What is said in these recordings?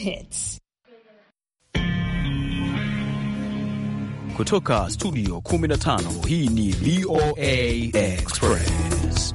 Hits. Kutoka studio 15 hii ni VOA Express.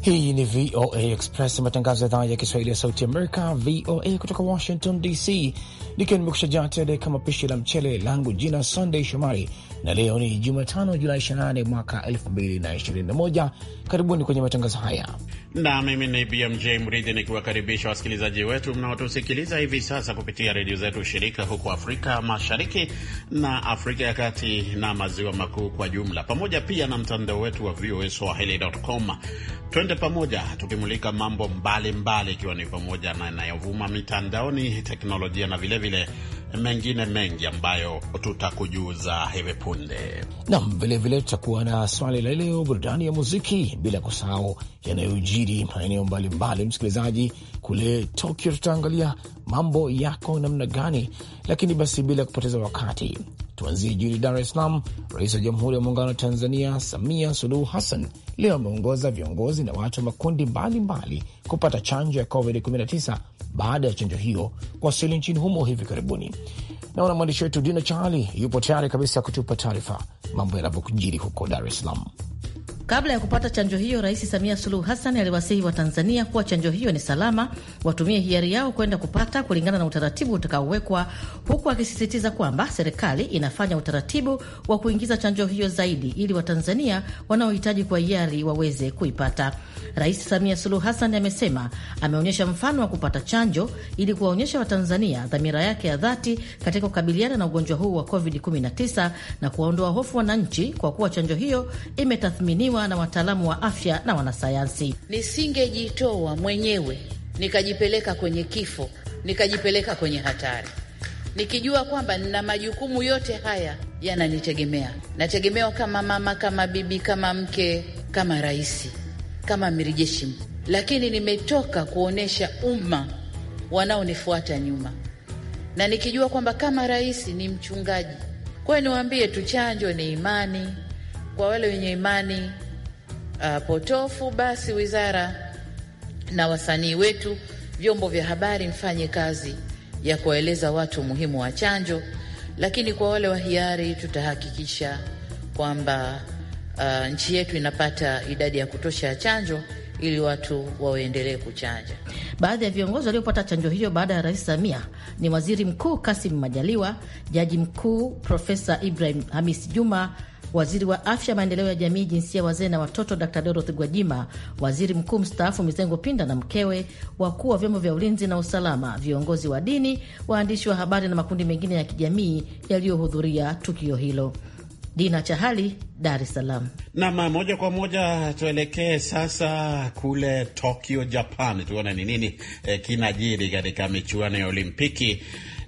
Hii ni VOA Express, matangazo ya idhaa ya Kiswahili ya Sauti Amerika, VOA kutoka Washington DC, nikiwa nimekushajaa tele kama pishi la mchele langu. Jina Sunday Shomari, na leo ni Jumatano, Julai 28 mwaka 2021. Karibuni kwenye matangazo haya na mimi ni BMJ Mridhi nikiwakaribisha wasikilizaji wetu mnaotusikiliza hivi sasa kupitia redio zetu shirika huko Afrika Mashariki na Afrika ya Kati na Maziwa Makuu kwa jumla, pamoja pia na mtandao wetu wa VOA Swahili.com. Twende pamoja tukimulika mambo mbalimbali, ikiwa mbali ni pamoja na yanayovuma mitandaoni, teknolojia na vilevile vile mengine mengi ambayo tutakujuza hivi punde. Nam, vilevile tutakuwa na swali la leo, burudani ya muziki, bila kusahau yanayojiri maeneo mbalimbali. Msikilizaji kule Tokyo, tutaangalia mambo yako namna gani. Lakini basi bila kupoteza wakati, tuanzie jijini Dar es Salaam. Rais wa Jamhuri ya Muungano wa Tanzania Samia Suluhu Hassan leo ameongoza viongozi na watu wa makundi mbalimbali kupata chanjo ya COVID-19 baada ya chanjo hiyo kuwasili nchini humo hivi karibuni. Naona mwandishi wetu Dina Chali yupo tayari kabisa kutupa taarifa mambo yanavyojiri huko Dar es Salaam. Kabla ya kupata chanjo hiyo, Rais Samia Suluhu Hassan aliwasihi Watanzania kuwa chanjo hiyo ni salama, watumie hiari yao kwenda kupata kulingana na utaratibu utakaowekwa, huku akisisitiza kwamba serikali inafanya utaratibu wa kuingiza chanjo hiyo zaidi ili Watanzania wanaohitaji kwa hiari waweze kuipata. Rais Samia Suluhu Hassan amesema ameonyesha mfano wa kupata chanjo ili kuwaonyesha Watanzania dhamira yake ya dhati katika kukabiliana na ugonjwa huu wa COVID-19 na kuwaondoa hofu wananchi, kwa kuwa chanjo hiyo imetathminiwa kuchambuliwa na wataalamu wa afya na wanasayansi. Nisingejitoa mwenyewe nikajipeleka kwenye kifo, nikajipeleka kwenye hatari, nikijua kwamba nina majukumu yote haya yananitegemea. Nategemewa kama mama, kama bibi, kama mke, kama rais, kama amiri jeshi, lakini nimetoka kuonyesha umma wanaonifuata nyuma, na nikijua kwamba kama rais ni mchungaji. Kwa hiyo niwaambie tu, chanjo ni imani. Kwa wale wenye imani uh, potofu, basi wizara na wasanii wetu, vyombo vya habari, mfanye kazi ya kuwaeleza watu umuhimu wa chanjo, lakini kwa wale wa hiari tutahakikisha kwamba uh, nchi yetu inapata idadi ya kutosha ya chanjo ili watu waendelee kuchanja. Baadhi ya viongozi waliopata chanjo hiyo baada ya Rais Samia ni Waziri Mkuu Kasim Majaliwa, Jaji Mkuu Profesa Ibrahim Hamis Juma, Waziri wa Afya, Maendeleo ya Jamii, Jinsia, Wazee na Watoto Dr Dorothy Gwajima, Waziri Mkuu mstaafu Mizengo Pinda na mkewe, wakuu wa vyombo vya ulinzi na usalama, viongozi wa dini, waandishi wa habari na makundi mengine ya kijamii yaliyohudhuria tukio hilo. Dina Chahali, Dar es Salaam. Nam, moja kwa moja tuelekee sasa kule Tokyo, Japan, tuone ni nini eh, kinajiri katika michuano ya Olimpiki.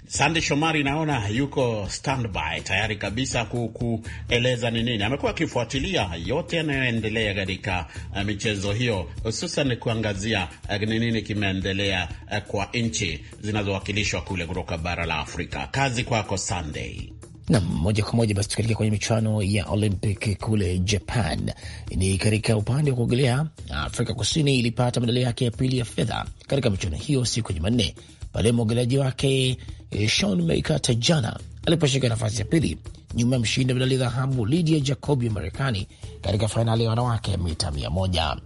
Sande Shomari naona yuko standby tayari kabisa kukueleza ni nini. Amekuwa akifuatilia yote yanayoendelea katika uh, michezo hiyo, hususan kuangazia e, ni nini kimeendelea uh, kwa nchi zinazowakilishwa kule kutoka bara la Afrika. Kazi kwako Sunday. Nam moja kwa moja basi tukielekea kwenye michuano ya Olympic kule Japan. Ni katika upande wa kuogelea, Afrika Kusini ilipata medali yake ya pili ya fedha katika michuano hiyo siku ya Jumanne pale mwogeleaji wake eh, Shon Meika Tajana aliposhika nafasi ya pili nyuma ya mshindi medali ya dhahabu Lidia Jacobi wa Marekani katika fainali ya wanawake mita mia moja.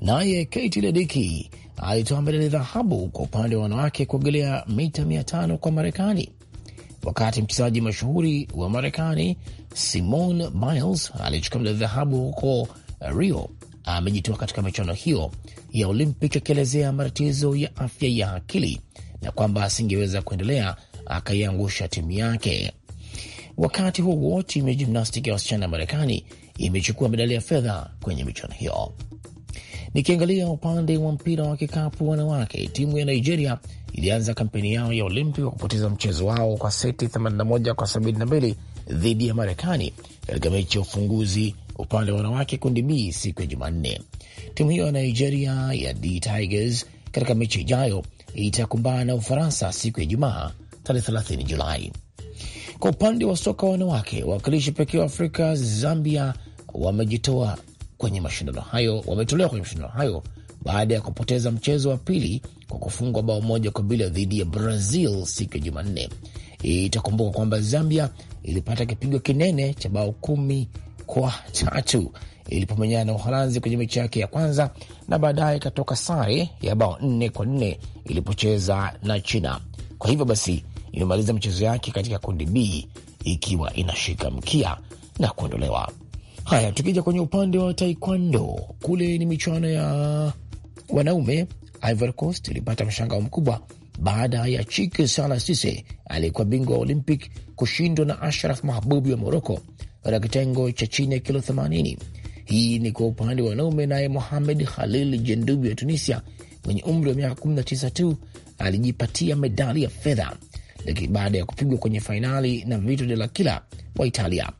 Naye Kate Lediki alitoa medali ya dhahabu kwa upande wa wanawake kuogelea mita mia tano kwa Marekani wakati mchezaji mashuhuri wa Marekani Simone Biles aliyechukua mda dhahabu huko Rio amejitoa katika michuano hiyo ya Olympic akielezea matatizo ya afya ya akili na kwamba asingeweza kuendelea akaiangusha timu yake. Wakati huo huo, timu ya jimnastik ya wasichana ya Marekani imechukua medali ya fedha kwenye michuano hiyo. Nikiangalia upande wa mpira wa kikapu wanawake, timu ya Nigeria ilianza kampeni yao ya Olimpi kwa kupoteza mchezo wao kwa seti 81 kwa 72 dhidi ya Marekani katika mechi ya ufunguzi upande wa wanawake kundi B siku ya Jumanne. Timu hiyo ya Nigeria ya D Tigers katika mechi ijayo itakumbana na Ufaransa siku ya Ijumaa tarehe 30 Julai. Kwa upande wa soka wanawake, wawakilishi pekee wa Afrika Zambia wamejitoa kwenye mashindano hayo, wametolewa kwenye mashindano hayo baada ya kupoteza mchezo wa pili kwa kufungwa bao moja kwa bila dhidi ya Brazil siku ya Jumanne. Itakumbuka kwamba Zambia ilipata kipigo kinene cha bao kumi kwa tatu ilipomenyana na Uholanzi kwenye mechi yake ya kwanza na baadaye ikatoka sare ya bao nne kwa nne ilipocheza na China. Kwa hivyo basi imemaliza michezo yake katika kundi B ikiwa inashika mkia na kuondolewa. Haya, tukija kwenye upande wa taekwondo kule, ni michuano ya wanaume. Ivory Coast ilipata mshangao mkubwa baada ya chik Sala Sise aliyekuwa bingwa wa Olympic kushindwa na Ashraf Mahbubi wa Moroko katika kitengo cha chini ya kilo 80. Hii ni kwa upande wa wanaume. Naye Mohamed Khalil Jendubi wa Tunisia mwenye umri wa miaka 19 tu alijipatia medali ya fedha baada ya kupigwa kwenye fainali na Vito de la Kila wa Italia.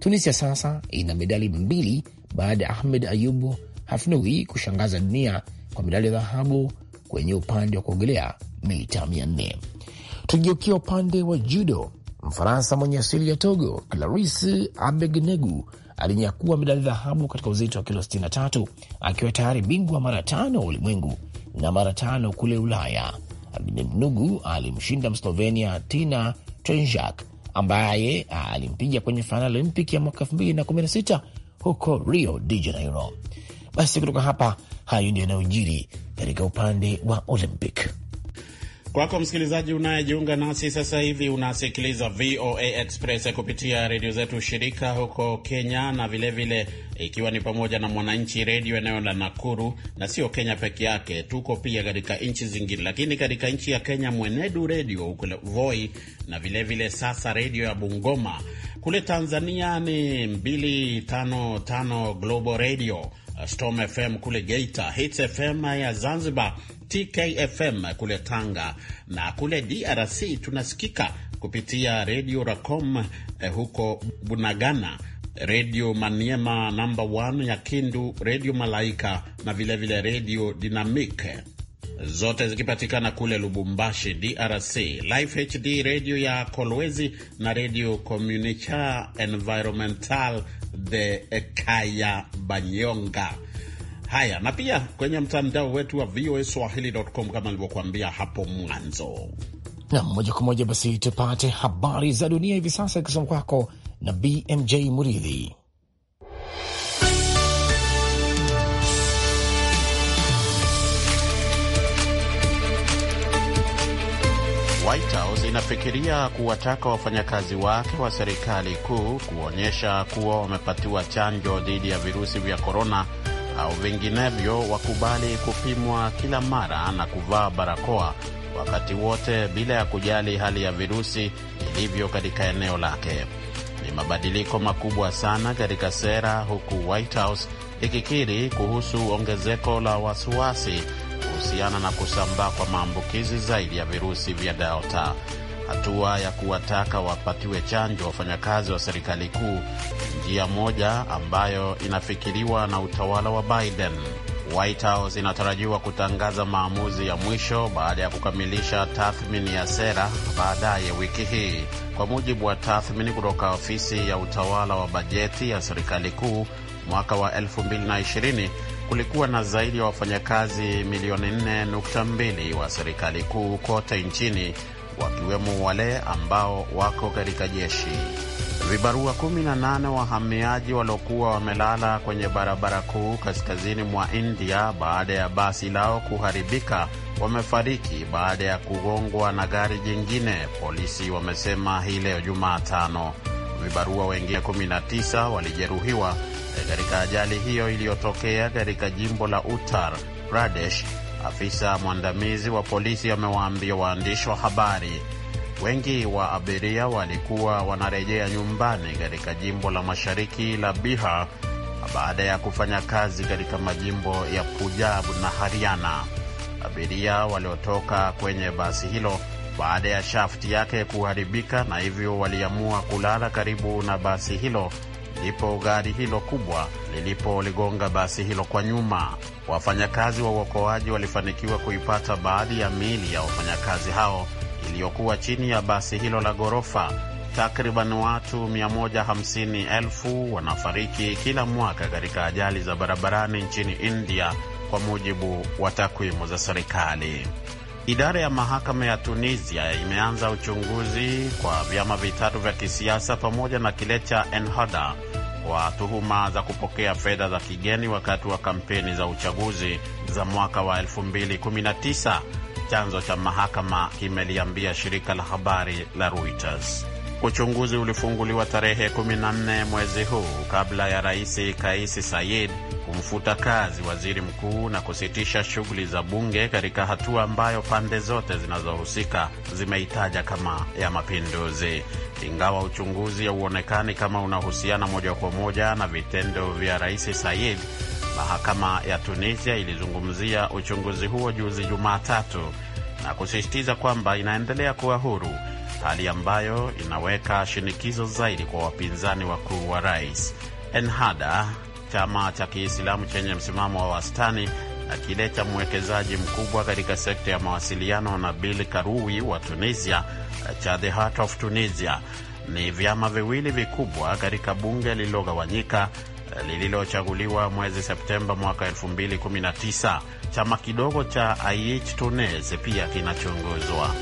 Tunisia sasa ina medali mbili baada ya Ahmed Ayubu Hafnui kushangaza dunia kwa medali ya dhahabu kwenye upande wa kuogelea mita 4 Tugeukia upande wa judo. Mfaransa mwenye asili ya Togo, Clarisse Abegnegu alinyakua medali dhahabu katika uzito wa kilo 63 akiwa tayari bingwa mara tano wa ulimwengu na mara tano kule Ulaya. Abegnegu alimshinda Mslovenia Tina Trenjak ambaye ah, alimpiga kwenye fainali Olympic ya mwaka 2016 huko Rio de Janeiro. Basi kutoka hapa, hayo ndio yanayojiri katika upande wa Olympic. Kwako msikilizaji unayejiunga nasi sasa hivi, unasikiliza VOA Express kupitia redio zetu shirika huko Kenya na vilevile vile, ikiwa ni pamoja na Mwananchi Redio eneo la Nakuru, na sio Kenya peke yake, tuko pia katika nchi zingine, lakini katika nchi ya Kenya Mwenedu Redio huko Voi na vilevile vile sasa redio ya Bungoma. Kule Tanzania ni 255 Global Radio, Storm FM kule Geita, Hits FM ya Zanzibar TKFM kule Tanga na kule DRC tunasikika kupitia redio Racom eh, huko Bunagana, redio Maniema namba 1 ya Kindu, redio Malaika na vilevile redio Dinamike zote zikipatikana kule Lubumbashi, DRC, Life HD redio ya Kolwezi na redio Communica Environmental de Kaya Banyonga. Haya, na pia kwenye mtandao wetu wa VOA Swahili.com kama nilivyokuambia hapo mwanzo. Na moja kwa moja basi tupate habari za dunia hivi sasa, ikisoma kwako na BMJ Muridhi. White House inafikiria kuwataka wafanyakazi wake wa serikali kuu kuonyesha kuwa wamepatiwa chanjo dhidi ya virusi vya korona au vinginevyo wakubali kupimwa kila mara na kuvaa barakoa wakati wote bila ya kujali hali ya virusi ilivyo katika eneo lake. Ni mabadiliko makubwa sana katika sera, huku White House ikikiri kuhusu ongezeko la wasiwasi kuhusiana na kusambaa kwa maambukizi zaidi ya virusi vya Delta. Hatua ya kuwataka wapatiwe chanjo wafanyakazi wa serikali kuu, njia moja ambayo inafikiriwa na utawala wa Biden. White House inatarajiwa kutangaza maamuzi ya mwisho baada ya kukamilisha tathmini ya sera baadaye wiki hii. Kwa mujibu wa tathmini kutoka ofisi ya utawala wa bajeti ya serikali kuu, mwaka wa 2020 kulikuwa na zaidi ya wafanyakazi milioni 4.2 wa serikali kuu kote nchini wakiwemo wale ambao wako katika jeshi. Vibarua 18 wahamiaji waliokuwa wamelala kwenye barabara kuu kaskazini mwa India baada ya basi lao kuharibika wamefariki baada ya kugongwa na gari jingine, polisi wamesema hii leo Jumatano. Vibarua wengine 19 walijeruhiwa katika ajali hiyo iliyotokea katika jimbo la Uttar Pradesh Afisa mwandamizi wa polisi amewaambia waandishi wa habari. Wengi wa abiria walikuwa wanarejea nyumbani katika jimbo la mashariki la Bihar baada ya kufanya kazi katika majimbo ya Punjab na Haryana. Abiria waliotoka kwenye basi hilo baada ya shafti yake kuharibika, na hivyo waliamua kulala karibu na basi hilo ndipo gari hilo kubwa lilipoligonga basi hilo kwa nyuma. Wafanyakazi wa uokoaji walifanikiwa kuipata baadhi ya miili ya wafanyakazi hao iliyokuwa chini ya basi hilo la ghorofa. Takriban watu 150,000 wanafariki kila mwaka katika ajali za barabarani nchini India kwa mujibu wa takwimu za serikali. Idara ya mahakama ya Tunisia imeanza uchunguzi kwa vyama vitatu vya kisiasa pamoja na kile cha Ennahda kwa tuhuma za kupokea fedha za kigeni wakati wa kampeni za uchaguzi za mwaka wa 2019. Chanzo cha mahakama kimeliambia shirika la habari la Reuters. Uchunguzi ulifunguliwa tarehe 14 mwezi huu kabla ya Rais Kais Saied kumfuta kazi waziri mkuu na kusitisha shughuli za bunge katika hatua ambayo pande zote zinazohusika zimeitaja kama ya mapinduzi. Ingawa uchunguzi hauonekani kama unahusiana moja kwa moja na vitendo vya Rais Saied, mahakama ya Tunisia ilizungumzia uchunguzi huo juzi Jumatatu na kusisitiza kwamba inaendelea kuwa huru hali ambayo inaweka shinikizo zaidi kwa wapinzani wakuu wa rais. Ennahda, chama cha Kiislamu chenye msimamo wa wastani na kile cha mwekezaji mkubwa katika sekta ya mawasiliano, na Nabil Karoui wa Tunisia cha The Heart of Tunisia ni vyama viwili vikubwa katika bunge lililogawanyika lililochaguliwa mwezi Septemba mwaka 2019. Chama kidogo cha Aiech Tunis pia kinachunguzwa.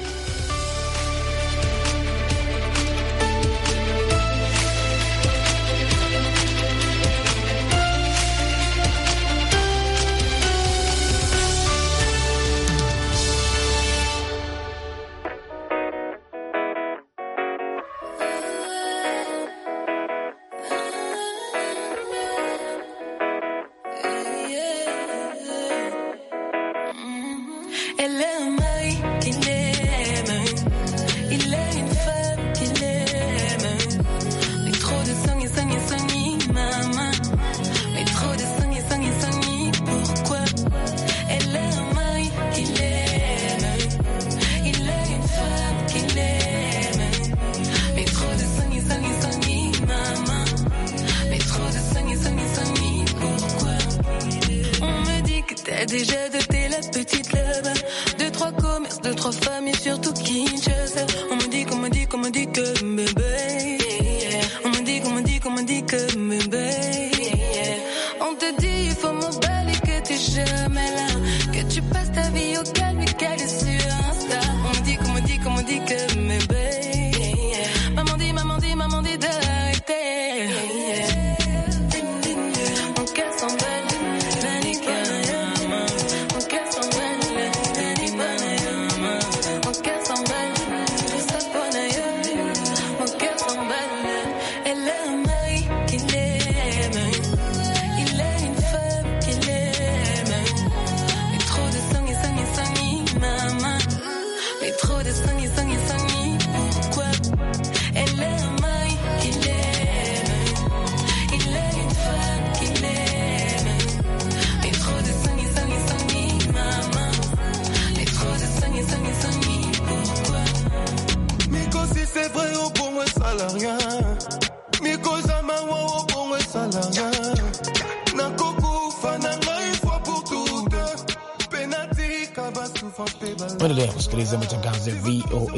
déjà de tes la petite lèvres. de trois commerces, de trois familles, et surtout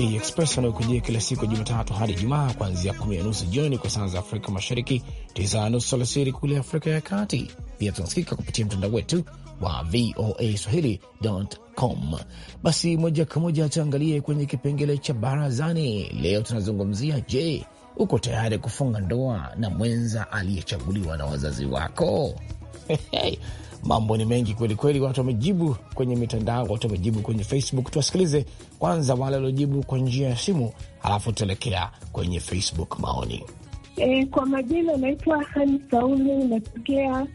VOA Express anayokujia kila siku ya Jumatatu hadi Jumaa, kuanzia kumi na nusu jioni kwa saa za Afrika Mashariki, tisa na nusu alasiri kule Afrika ya Kati. Pia tunasikika kupitia mtandao wetu wa VOA Swahili.com. Basi moja kwa moja tuangalie kwenye kipengele cha barazani. Leo tunazungumzia je, uko tayari kufunga ndoa na mwenza aliyechaguliwa na wazazi wako? Mambo ni mengi kweli kweli, watu wamejibu kwenye mitandao, watu wamejibu kwenye Facebook. Tuwasikilize kwanza wale waliojibu kwa njia ya simu, alafu tutaelekea kwenye Facebook maoni. E, kwa majina naitwa Hani Sauli, natokea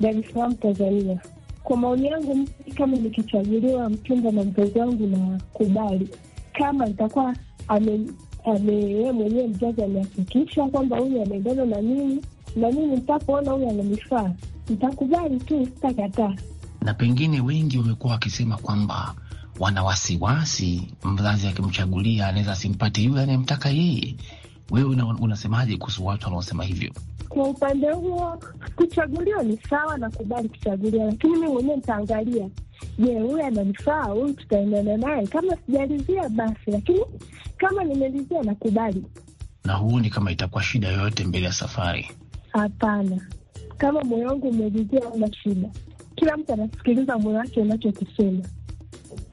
Dar es Salaam, Tanzania. Kwa maoni yangu kama nikichaguliwa mchumba na mzazi wangu na kubali, kama nitakuwa ameye mwenyewe mzazi amehakikisha kwamba huyu anaendana na mimi na mimi nitapoona huyu ananifaa nitakubali tu, sitakataa. Na pengine wengi wamekuwa wakisema kwamba wana wasiwasi, mzazi akimchagulia anaweza asimpate yule anayemtaka yeye. Wewe unasemaje kuhusu watu wanaosema hivyo? Kwa upande huo, kuchaguliwa ni sawa, nakubali kuchaguliwa, lakini mi mwenyewe nitaangalia, je, huyu ananifaa? Huyu tutaendana naye? Kama sijalizia basi, lakini kama nimelizia, nakubali. Na huoni kama itakuwa shida yoyote mbele ya safari? Hapana, kama moyo wangu umelizia, una shida. Kila mtu anasikiliza moyo wake unachokisema.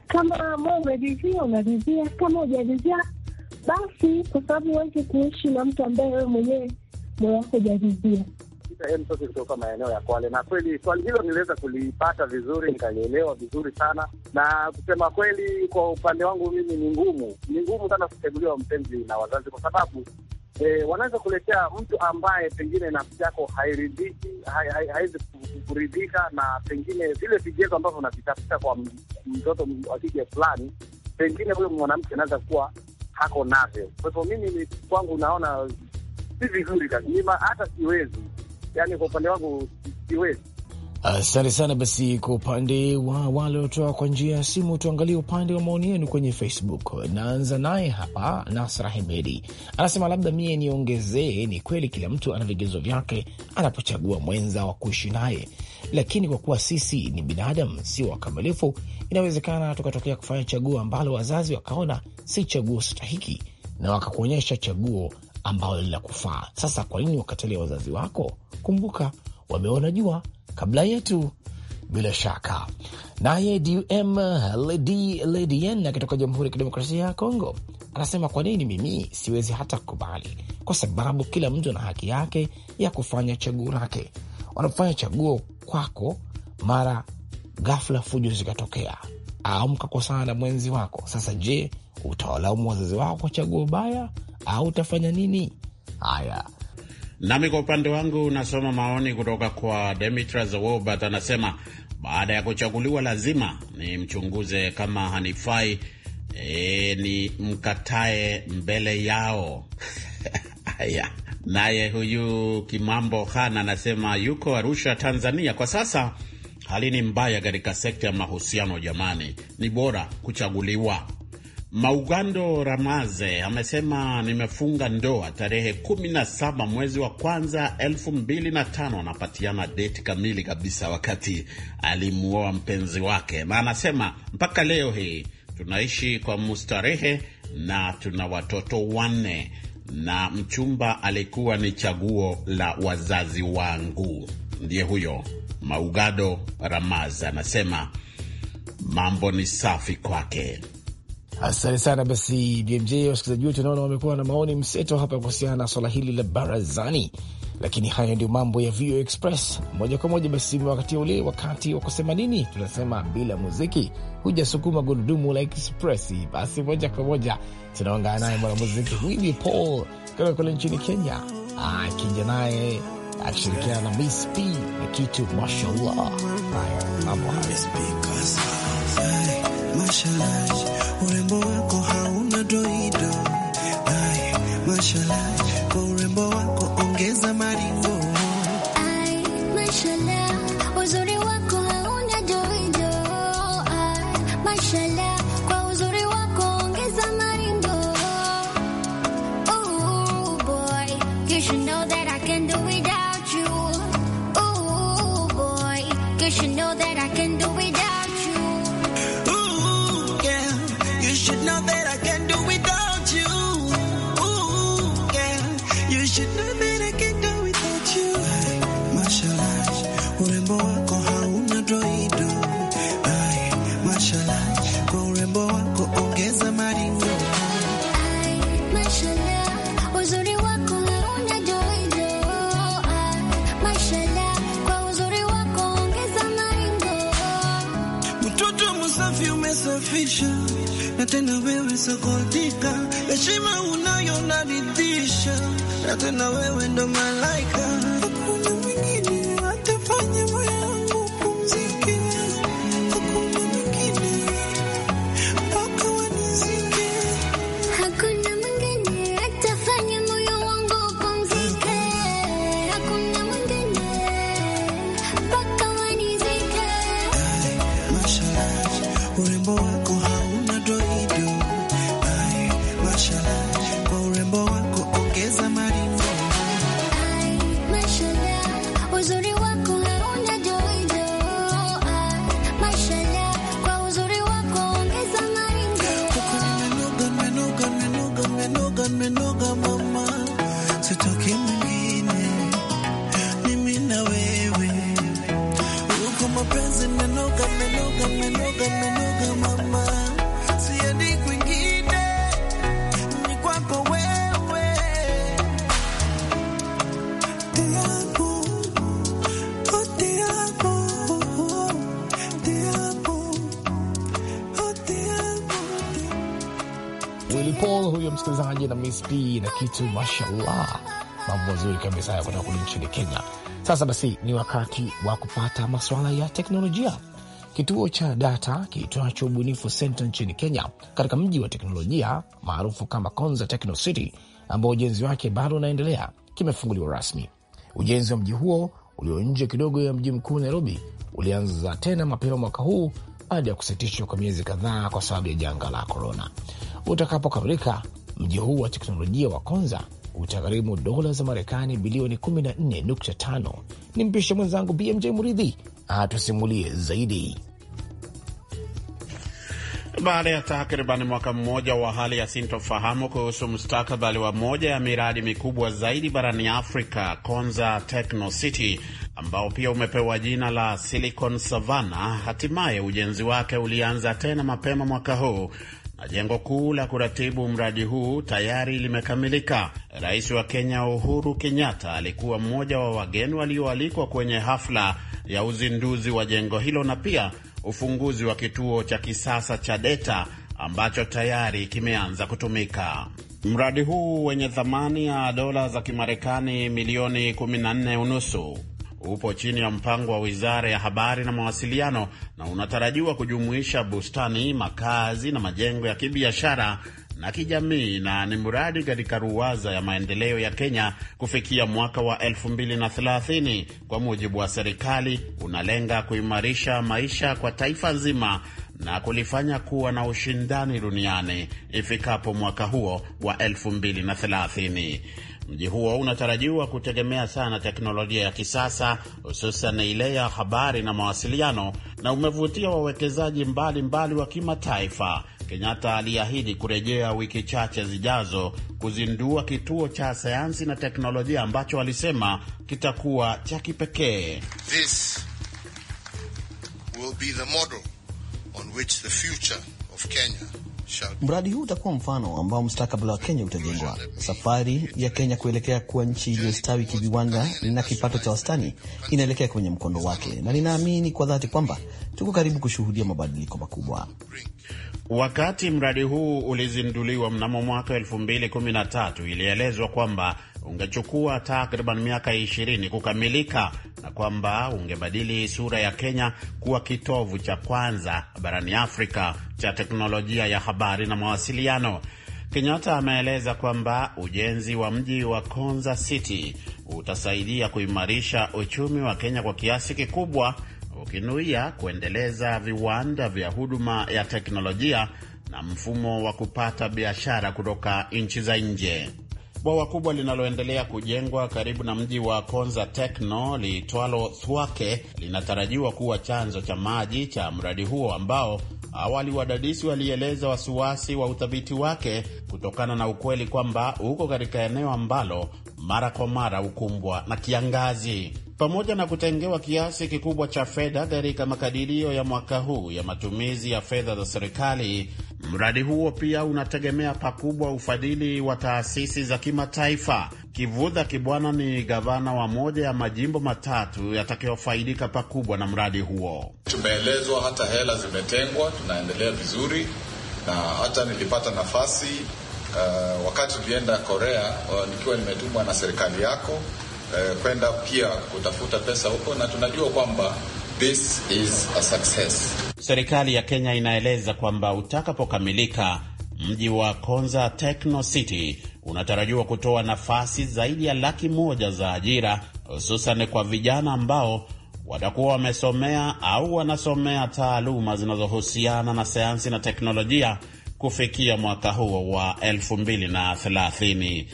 Kama mo umeridhia, unaridhia. Kama hujaridhia, basi, kwa sababu huwezi kuishi na mtu ambaye wewe mwenyewe moyo wako hujaridhia. Mtoto kutoka maeneo ya Kwale, na kweli swali hilo niliweza kulipata vizuri, nikalielewa vizuri sana, na kusema kweli, kwa upande wangu mimi ni ngumu, ni ngumu sana kuchaguliwa mpenzi na wazazi, kwa sababu E, wanaweza kuletea mtu ambaye pengine nafsi yako hairidhiki, haiwezi hai, kuridhika na pengine vile vigezo ambavyo unavitafuta kwa mtoto wa kike fulani, pengine huyo mwanamke anaweza kuwa hako navyo. Kwa hivyo mimi kwangu naona si vizuri kabisa, hata siwezi, yani kwa upande wangu siwezi. Asante sana. Basi kwa upande wa wale watoa kwa njia ya simu, tuangalie upande wa maoni yenu kwenye Facebook. Naanza naye hapa, Nasra Hemedi anasema labda mie niongezee, ni kweli kila mtu ana vigezo vyake anapochagua mwenza wa kuishi naye, lakini kwa kuwa sisi ni binadamu, sio wakamilifu, inawezekana tukatokea kufanya chaguo ambalo wazazi wakaona si chaguo stahiki na wakakuonyesha chaguo ambalo lila kufaa. Sasa kwa nini wakatalia wazazi wako? Kumbuka wameona jua kabla yetu. Bila shaka naye dm ledi ledien akitoka Jamhuri ya Kidemokrasia ya Kongo anasema kwa nini mimi siwezi hata kukubali? Kwa sababu kila mtu ana haki yake ya kufanya chaguo lake wanafanya chaguo kwako, mara ghafla fujo zikatokea au mkakosana na mwenzi wako. Sasa je, utawalaumu wazazi wako kwa chaguo baya au utafanya nini? Haya, nami kwa upande wangu nasoma maoni kutoka kwa Demitras Wobert, anasema baada ya kuchaguliwa lazima ni mchunguze kama hanifai, e, ni mkatae mbele yao. Haya Naye huyu Kimambo Hana anasema yuko Arusha, Tanzania. Kwa sasa hali ni mbaya katika sekta ya mahusiano. Jamani, ni bora kuchaguliwa. Maugando Ramaze amesema nimefunga ndoa tarehe 17 mwezi wa kwanza 2005. Anapatiana deti kamili kabisa wakati alimuoa mpenzi wake, na anasema mpaka leo hii tunaishi kwa mustarehe na tuna watoto wanne na mchumba alikuwa ni chaguo la wazazi wangu. Ndiye huyo Maugado Ramaz anasema mambo ni safi kwake. Asante sana basi, BMJ. Wasikilizaji wetu naona wamekuwa na maoni mseto hapa kuhusiana na swala hili la barazani, lakini hayo ndio mambo ya VOA Express moja kwa moja. Basi wakati ule wakati wa kusema nini, tunasema bila muziki hujasukuma gurudumu la Express. Basi moja kwa moja tunaongana naye mwanamuziki Willy Paul kutoka kule nchini Kenya akija naye akishirikiana na Miss P na kitu mashallah. Haya mambo hayo, urembo wako hauna doido, mashallah nimesokotika, heshima unayo naridhisha, na tena wewe ndo malaika kitu mashallah, mambo mazuri kabisa haya kutoka kule nchini Kenya. Sasa basi, ni wakati wa kupata masuala ya teknolojia. Kituo cha data kiitwacho Ubunifu Center nchini Kenya, katika mji wa teknolojia maarufu kama Konza Techno City, ambao ujenzi wake bado unaendelea, kimefunguliwa rasmi. Ujenzi wa mji huo ulio nje kidogo ya mji mkuu Nairobi ulianza tena mapema mwaka huu baada ya kusitishwa kwa miezi kadhaa kwa sababu ya janga la korona. Utakapokamilika Mji huu wa teknolojia wa Konza utagharimu dola za Marekani bilioni 14.5. Ni mpishe mwenzangu BMJ Muridhi atusimulie zaidi. Baada ya takriban mwaka mmoja wa hali ya sintofahamu kuhusu mustakabali wa moja ya miradi mikubwa zaidi barani Afrika, Konza Techno City, ambao pia umepewa jina la Silicon Savannah, hatimaye ujenzi wake ulianza tena mapema mwaka huu Jengo kuu la kuratibu mradi huu tayari limekamilika. Rais wa Kenya Uhuru Kenyatta alikuwa mmoja wa wageni walioalikwa kwenye hafla ya uzinduzi wa jengo hilo na pia ufunguzi wa kituo cha kisasa cha deta ambacho tayari kimeanza kutumika. Mradi huu wenye thamani ya dola za Kimarekani milioni 14 unusu upo chini ya mpango wa Wizara ya Habari na Mawasiliano na unatarajiwa kujumuisha bustani, makazi na majengo ya kibiashara na kijamii na ni mradi katika ruwaza ya maendeleo ya Kenya kufikia mwaka wa 2030. Kwa mujibu wa serikali, unalenga kuimarisha maisha kwa taifa nzima na kulifanya kuwa na ushindani duniani ifikapo mwaka huo wa 2030. Mji huo unatarajiwa kutegemea sana teknolojia ya kisasa, hususan ile ya habari na mawasiliano, na umevutia wawekezaji mbalimbali wa kimataifa. Kenyatta aliahidi kurejea wiki chache zijazo kuzindua kituo cha sayansi na teknolojia ambacho alisema kitakuwa cha kipekee. Mradi huu utakuwa mfano ambao mstakabala wa Kenya utajengwa. Safari ya Kenya kuelekea kuwa nchi iliyostawi kiviwanda na kipato cha wastani inaelekea kwenye mkondo wake, na ninaamini kwa dhati kwamba tuko karibu kushuhudia mabadiliko makubwa. Wakati mradi huu ulizinduliwa mnamo mwaka 2013 ilielezwa kwamba ungechukua takriban miaka ishirini kukamilika na kwamba ungebadili sura ya Kenya kuwa kitovu cha kwanza barani Afrika cha teknolojia ya habari na mawasiliano. Kenyatta ameeleza kwamba ujenzi wa mji wa Konza City utasaidia kuimarisha uchumi wa Kenya kwa kiasi kikubwa, ukinuia kuendeleza viwanda vya huduma ya teknolojia na mfumo wa kupata biashara kutoka nchi za nje. Bwawa kubwa linaloendelea kujengwa karibu na mji wa Konza Tekno liitwalo Thwake linatarajiwa kuwa chanzo cha maji cha mradi huo ambao awali wadadisi walieleza wasiwasi wa uthabiti wake kutokana na ukweli kwamba uko katika eneo ambalo mara kwa mara hukumbwa na kiangazi. Pamoja na kutengewa kiasi kikubwa cha fedha katika makadirio ya mwaka huu ya matumizi ya fedha za serikali Mradi huo pia unategemea pakubwa ufadhili wa taasisi za kimataifa. Kivutha Kibwana ni gavana wa moja ya majimbo matatu yatakayofaidika pakubwa na mradi huo. Tumeelezwa hata hela zimetengwa, tunaendelea vizuri, na hata nilipata nafasi uh, wakati tulienda Korea uh, nikiwa nimetumwa na serikali yako uh, kwenda pia kutafuta pesa huko, na tunajua kwamba This is a success. Serikali ya Kenya inaeleza kwamba utakapokamilika mji wa Konza Techno City unatarajiwa kutoa nafasi zaidi ya laki moja za ajira hususan kwa vijana ambao watakuwa wamesomea au wanasomea taaluma zinazohusiana na sayansi na teknolojia kufikia mwaka huo wa 2030.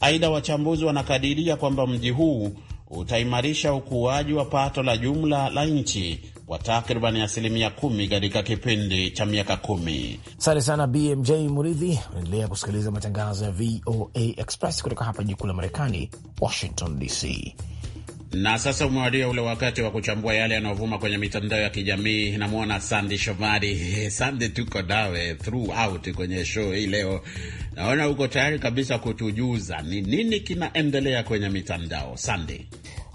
Aidha, wachambuzi wanakadiria kwamba mji huu utaimarisha ukuaji wa pato la jumla la nchi kwa takribani asilimia kumi katika kipindi cha miaka kumi. Asante sana BMJ Muridhi. Unaendelea kusikiliza matangazo ya VOA Express kutoka hapa jikuu la Marekani, Washington DC. Na sasa umewadia ule wakati wa kuchambua yale yanayovuma kwenye mitandao ya kijamii. Namwona Sandi Shomari. Sandi, tuko nawe throughout kwenye show hii leo. Naona uko tayari kabisa kutujuza ni nini kinaendelea kwenye mitandao. Sandi.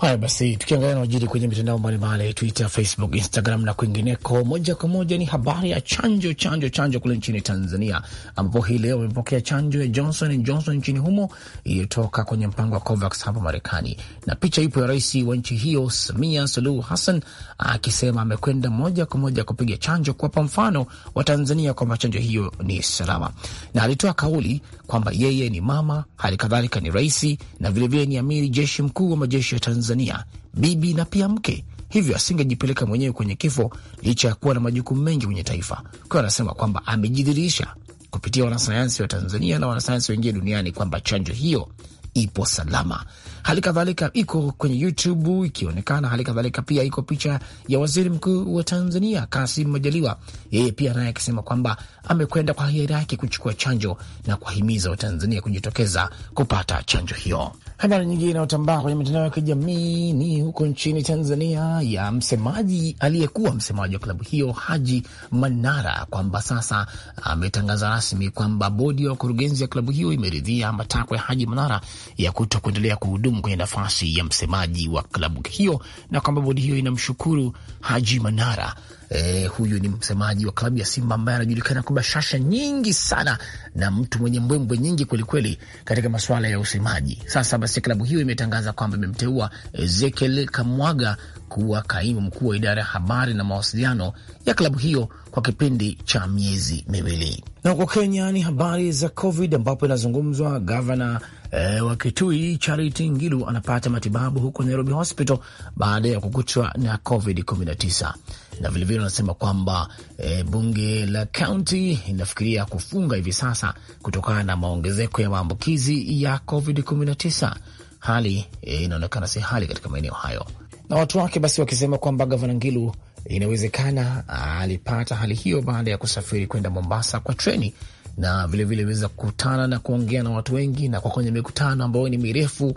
Haya basi, tukiangalia najiri kwenye mitandao mbalimbali, Twitter, Facebook, Instagram na kwingineko, moja kwa moja ni habari ya chanjo, chanjo, chanjo kule nchini Tanzania, ambapo hii leo wamepokea chanjo ya Johnson and Johnson nchini humo iliyotoka kwenye mpango wa COVAX hapa Marekani, na picha ipo ya rais wa nchi hiyo Samia Suluhu Hassan akisema amekwenda moja kwa moja kupiga chanjo, kuwapa mfano wa Tanzania kwamba chanjo hiyo ni salama, na alitoa kauli kwamba yeye ni mama, hali kadhalika ni raisi, na vilevile ni amiri jeshi mkuu wa majeshi ya Tanzania Tanzania, bibi na pia mke, hivyo asingejipeleka mwenyewe kwenye kifo licha ya kuwa na majukumu mengi kwenye taifa. Kwa anasema kwamba amejidhirisha kupitia wanasayansi wa Tanzania na wanasayansi wengine duniani kwamba chanjo hiyo ipo salama. Hali kadhalika iko kwenye YouTube ikionekana. Hali kadhalika pia iko picha ya waziri mkuu wa Tanzania Kasim Majaliwa, yeye pia naye akisema kwamba amekwenda kwa hiari yake kuchukua chanjo na kuwahimiza Watanzania kujitokeza kupata chanjo hiyo. Habari nyingine inayotambaa kwenye mitandao ya kijamii ni huko nchini Tanzania ya msemaji aliyekuwa msemaji wa klabu hiyo Haji Manara kwamba sasa ametangaza rasmi kwamba bodi ya wakurugenzi ya klabu hiyo imeridhia matakwa ya Haji Manara ya kuto kuendelea kuhudumu kudumu kwenye nafasi ya msemaji wa klabu hiyo, na kwamba bodi hiyo inamshukuru Haji Manara. Eh, huyu ni msemaji wa klabu ya Simba ambaye anajulikana kwa bashasha nyingi sana na mtu mwenye mbwembwe nyingi kwelikweli katika masuala ya usemaji. Sasa basi, klabu hiyo imetangaza kwamba imemteua Ezekiel Kamwaga kuwa kaimu mkuu wa idara ya habari na mawasiliano ya klabu hiyo kwa kipindi cha miezi miwili. Na huko Kenya ni habari za COVID ambapo inazungumzwa gavana e, wa Kitui Charity Ngilu anapata matibabu huko Nairobi Hospital baada ya kukutwa na COVID 19, na vilevile wanasema kwamba e, bunge la kaunti inafikiria kufunga hivi sasa kutokana na maongezeko ya maambukizi ya COVID 19. Hali e, inaonekana si hali katika maeneo hayo na watu wake, basi wakisema kwamba gavana Ngilu inawezekana alipata hali hiyo baada ya kusafiri kwenda Mombasa kwa treni na vilevile weza kukutana na kuongea na watu wengi na kwa kwenye mikutano ambayo ni mirefu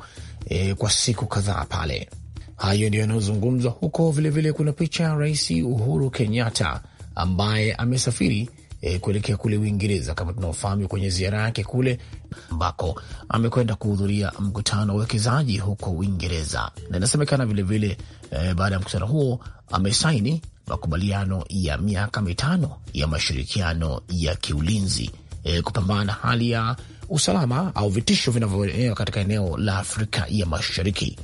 e, kwa siku kadhaa pale. Hayo ndio yanayozungumzwa huko. Vilevile kuna picha ya Rais Uhuru Kenyatta ambaye amesafiri e, kuelekea kule Uingereza kama tunaofahamu, kwenye ziara yake kule ambako amekwenda kuhudhuria mkutano wa uwekezaji huko Uingereza, na inasemekana vilevile e, eh, baada ya mkutano huo amesaini makubaliano ya miaka mitano ya mashirikiano ya kiulinzi e, kupambana na hali ya usalama au vitisho vinavyoenewa katika eneo la Afrika ya Mashariki.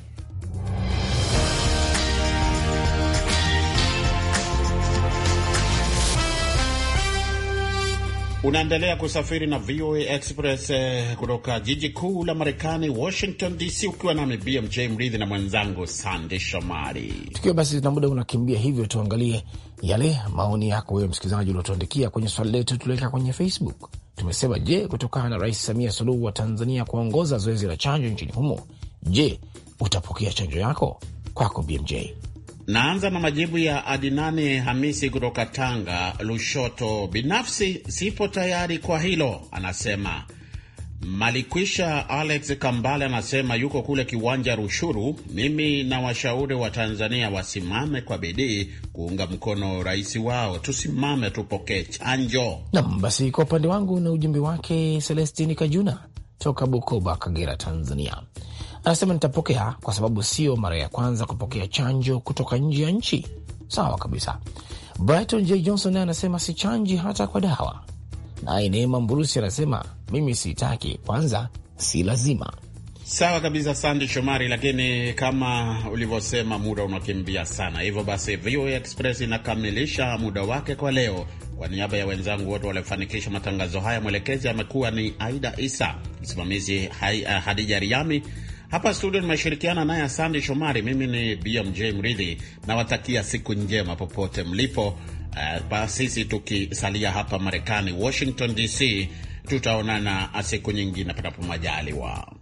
Unaendelea kusafiri na VOA Express eh, kutoka jiji kuu la Marekani, Washington DC, ukiwa nami BMJ Mridhi na mwenzangu Sande Shomari. Tukiwa basi na muda unakimbia hivyo, tuangalie yale maoni yako wewe msikilizaji uliotuandikia kwenye swali letu tulioweka kwenye Facebook. Tumesema, je, kutokana na Rais Samia Suluhu wa Tanzania kuongoza zoezi la chanjo nchini humo, je, utapokea chanjo yako? Kwako BMJ. Naanza na majibu ya Adinani Hamisi kutoka Tanga, Lushoto. Binafsi sipo tayari kwa hilo, anasema. Malikwisha Alex Kambale anasema yuko kule kiwanja Rushuru. Mimi na washauri wa Tanzania wasimame kwa bidii kuunga mkono rais wao, tusimame tupokee chanjo. Nam basi, kwa upande wangu na ujumbe wake Celestini Kajuna toka Bukoba, Kagera, Tanzania anasema nitapokea, kwa sababu sio mara ya kwanza kupokea chanjo kutoka nje ya nchi. Sawa kabisa. Brighton J Johnson naye anasema si chanji hata kwa dawa. Naye Neema Mburusi anasema mimi sitaki, kwanza si lazima. Sawa kabisa, Sande Shomari, lakini kama ulivyosema muda unakimbia sana. Hivyo basi, VOA Express inakamilisha muda wake kwa leo. Kwa niaba ya wenzangu wote waliofanikisha matangazo haya, mwelekezi amekuwa ni Aida Isa, msimamizi Hadija Riami. Hapa studio nimeshirikiana naye Sandi Shomari. Mimi ni BMJ Mridhi, nawatakia siku njema popote mlipo. Uh, sisi tukisalia hapa Marekani, Washington DC, tutaonana siku nyingine panapo majaliwa.